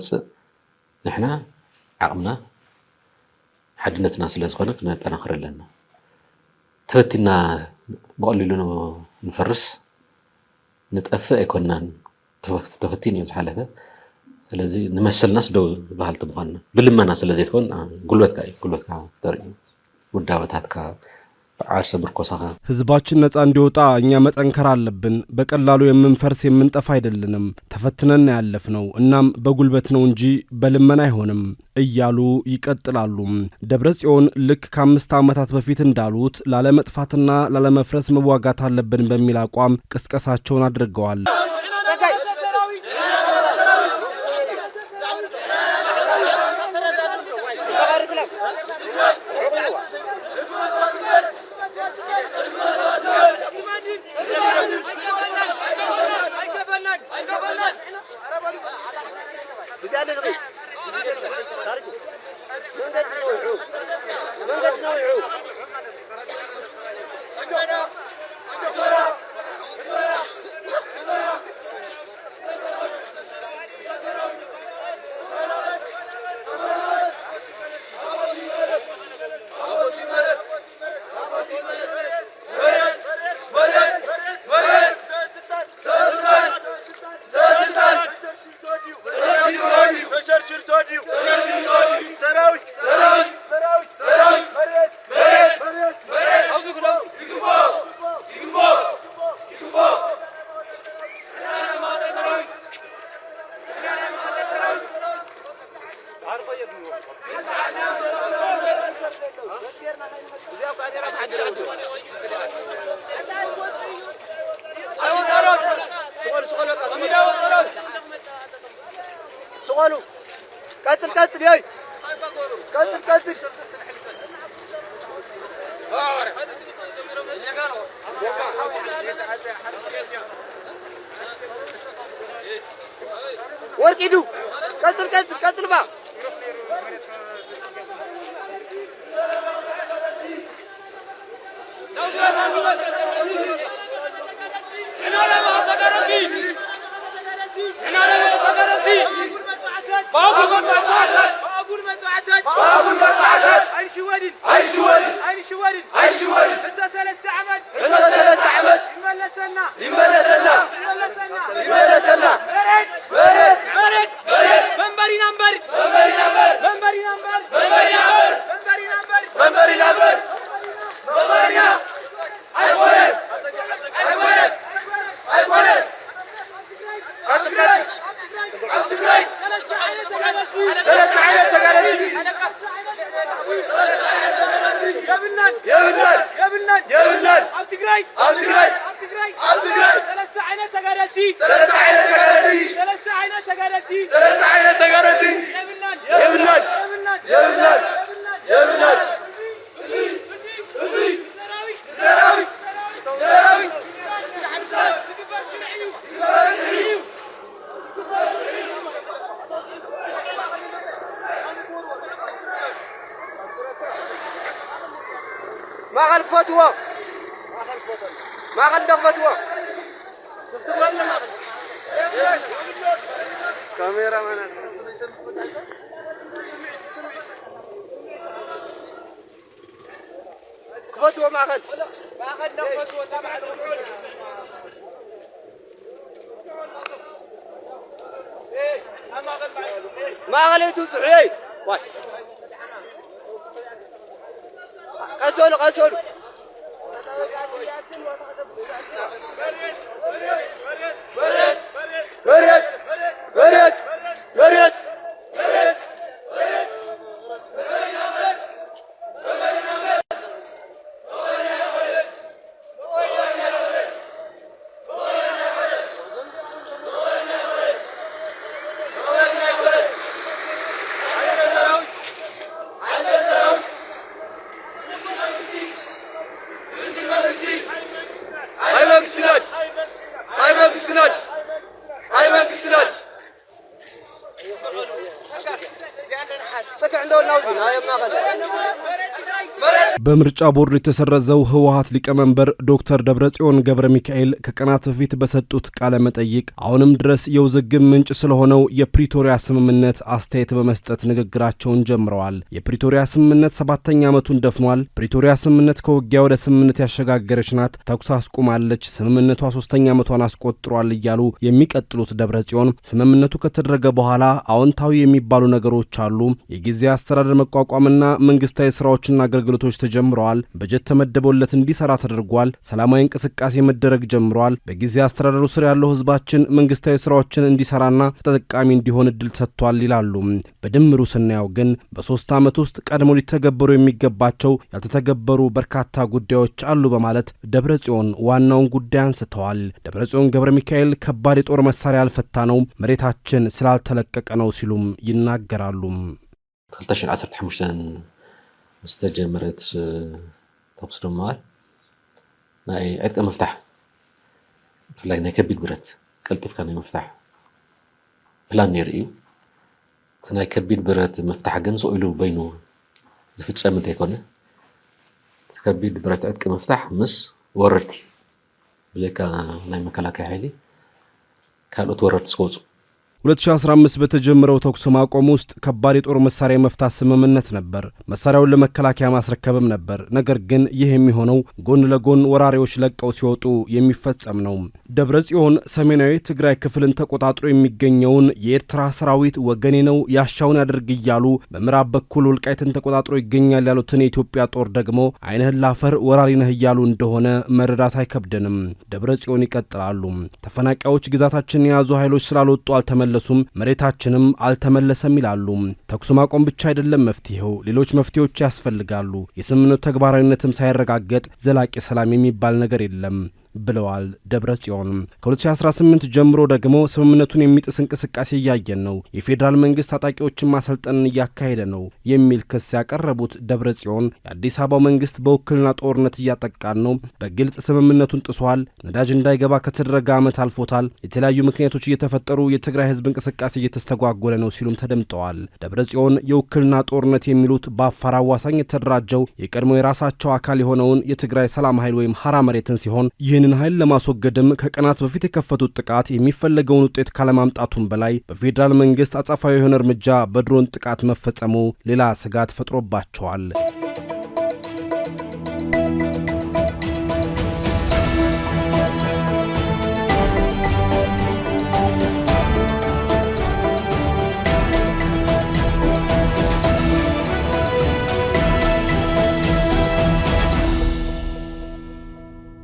ንወፅእ ንሕና ዓቕምና ሓድነትና ስለ ዝኾነ ክነጠናኽር ኣለና ተበቲና ብቐሊሉ ንፈርስ ንጠፍእ ኣይኮንናን ተፈቲን እዩ ዝሓለፈ ስለዚ ንመሰልናስ ደው ባህልቲ ምኳንና ብልመና ስለዘይትኮን ጉልበትካ እዩ ጉልበትካ ተርኢ ውዳበታትካ ዓሰብ ርኮሳኻ ህዝባችን ነፃ እንዲወጣ እኛ መጠንከር አለብን። በቀላሉ የምንፈርስ የምንጠፋ አይደለንም። ተፈትነን ያለፍ ነው። እናም በጉልበት ነው እንጂ በልመና አይሆንም እያሉ ይቀጥላሉ። ደብረ ጽዮን ልክ ከአምስት ዓመታት በፊት እንዳሉት ላለመጥፋትና ላለመፍረስ መዋጋት አለብን በሚል አቋም ቅስቀሳቸውን አድርገዋል። Yeah. ስቆሉ ቀጽል ቀጽል ይ ቀጽል ቀጽል ወርቂዱ ቀጽል ቀጽል ቀጽል عين شوارد عين شوارد عين شوارد تجارتي ثلاث عائلات تجارتي ثلاث عائلات تجارتي يا عائلات يا بلاد يا بلاد يا بلاد ما غنفتوى ما غنفتوى كاميرا خطوة ما أخذ ما خطوة تبع الرجول ما غليتوا تعيب واش መሬት መሬት መሬት በምርጫ ቦርድ የተሰረዘው ህወሀት ሊቀመንበር ዶክተር ደብረጽዮን ገብረ ሚካኤል ከቀናት በፊት በሰጡት ቃለ መጠይቅ አሁንም ድረስ የውዝግብ ምንጭ ስለሆነው የፕሪቶሪያ ስምምነት አስተያየት በመስጠት ንግግራቸውን ጀምረዋል። የፕሪቶሪያ ስምምነት ሰባተኛ ዓመቱን ደፍኗል። ፕሪቶሪያ ስምምነት ከውጊያ ወደ ስምምነት ያሸጋገረች ናት። ተኩስ አስቁማለች። ስምምነቷ ሶስተኛ ዓመቷን አስቆጥሯል እያሉ የሚቀጥሉት ደብረጽዮን ስምምነቱ ከተደረገ በኋላ አዎንታዊ የሚባሉ ነገሮች አሉ። የጊዜ አስተዳደር መቋቋምና መንግስታዊ ስራዎችና አገልግሎቶች ጀምረዋል። በጀት ተመደበለት እንዲሰራ ተደርጓል። ሰላማዊ እንቅስቃሴ መደረግ ጀምረዋል። በጊዜ አስተዳደሩ ስር ያለው ህዝባችን መንግስታዊ ስራዎችን እንዲሰራና ተጠቃሚ እንዲሆን እድል ሰጥቷል ይላሉ። በድምሩ ስናየው ግን በሶስት ዓመት ውስጥ ቀድሞ ሊተገበሩ የሚገባቸው ያልተተገበሩ በርካታ ጉዳዮች አሉ በማለት ደብረ ጽዮን ዋናውን ጉዳይ አንስተዋል። ደብረ ጽዮን ገብረ ሚካኤል ከባድ የጦር መሳሪያ ያልፈታ ነው መሬታችን ስላልተለቀቀ ነው ሲሉም ይናገራሉ። 2015 ዝተጀመረት ተኩስ ድምባር ናይ ዕጥቂ ምፍታሕ ብፍላይ ናይ ከቢድ ብረት ቀልጢፍካ ናይ ምፍታሕ ፕላን ነይሩ እዩ እቲ ናይ ከቢድ ብረት ምፍታሕ ግን ስኢሉ በይኑ ዝፍፀም እንተይኮነ እቲ ከቢድ ብረት ዕጥቂ ምፍታሕ ምስ ወረርቲ ብዘይካ ናይ መከላከያ ሓይሊ ካልኦት ወረርቲ ዝወፁ 2015 በተጀመረው ተኩስ ማቆም ውስጥ ከባድ የጦር መሳሪያ የመፍታት ስምምነት ነበር። መሳሪያውን ለመከላከያ ማስረከብም ነበር። ነገር ግን ይህ የሚሆነው ጎን ለጎን ወራሪዎች ለቀው ሲወጡ የሚፈጸም ነው። ደብረ ጽዮን ሰሜናዊ ትግራይ ክፍልን ተቆጣጥሮ የሚገኘውን የኤርትራ ሰራዊት ወገኔ ነው ያሻውን ያደርግ እያሉ በምዕራብ በኩል ውልቃይትን ተቆጣጥሮ ይገኛል ያሉትን የኢትዮጵያ ጦር ደግሞ አይንህ ላፈር ወራሪ ነህ እያሉ እንደሆነ መረዳት አይከብደንም። ደብረ ጽዮን ይቀጥላሉ። ተፈናቃዮች ግዛታችን የያዙ ኃይሎች ስላልወጡ አልተመለ አልተመለሱም፣ መሬታችንም አልተመለሰም ይላሉ። ተኩስ ማቆም ብቻ አይደለም መፍትሄው፣ ሌሎች መፍትሄዎች ያስፈልጋሉ። የስምምነቱ ተግባራዊነትም ሳይረጋገጥ ዘላቂ ሰላም የሚባል ነገር የለም። ብለዋል ደብረ ጽዮን። ከ2018 ጀምሮ ደግሞ ስምምነቱን የሚጥስ እንቅስቃሴ እያየን ነው፣ የፌዴራል መንግስት ታጣቂዎችን ማሰልጠንን እያካሄደ ነው የሚል ክስ ያቀረቡት ደብረ ጽዮን የአዲስ አበባው መንግስት በውክልና ጦርነት እያጠቃን ነው፣ በግልጽ ስምምነቱን ጥሷል፣ ነዳጅ እንዳይገባ ከተደረገ ዓመት አልፎታል፣ የተለያዩ ምክንያቶች እየተፈጠሩ የትግራይ ህዝብ እንቅስቃሴ እየተስተጓጎለ ነው ሲሉም ተደምጠዋል። ደብረ ጽዮን የውክልና ጦርነት የሚሉት በአፋር አዋሳኝ የተደራጀው የቀድሞ የራሳቸው አካል የሆነውን የትግራይ ሰላም ኃይል ወይም ሀራ መሬትን ሲሆን ይህ ይህንን ኃይል ለማስወገድም ከቀናት በፊት የከፈቱት ጥቃት የሚፈለገውን ውጤት ካለማምጣቱም በላይ በፌዴራል መንግስት አጸፋዊ የሆነ እርምጃ በድሮን ጥቃት መፈጸሙ ሌላ ስጋት ፈጥሮባቸዋል።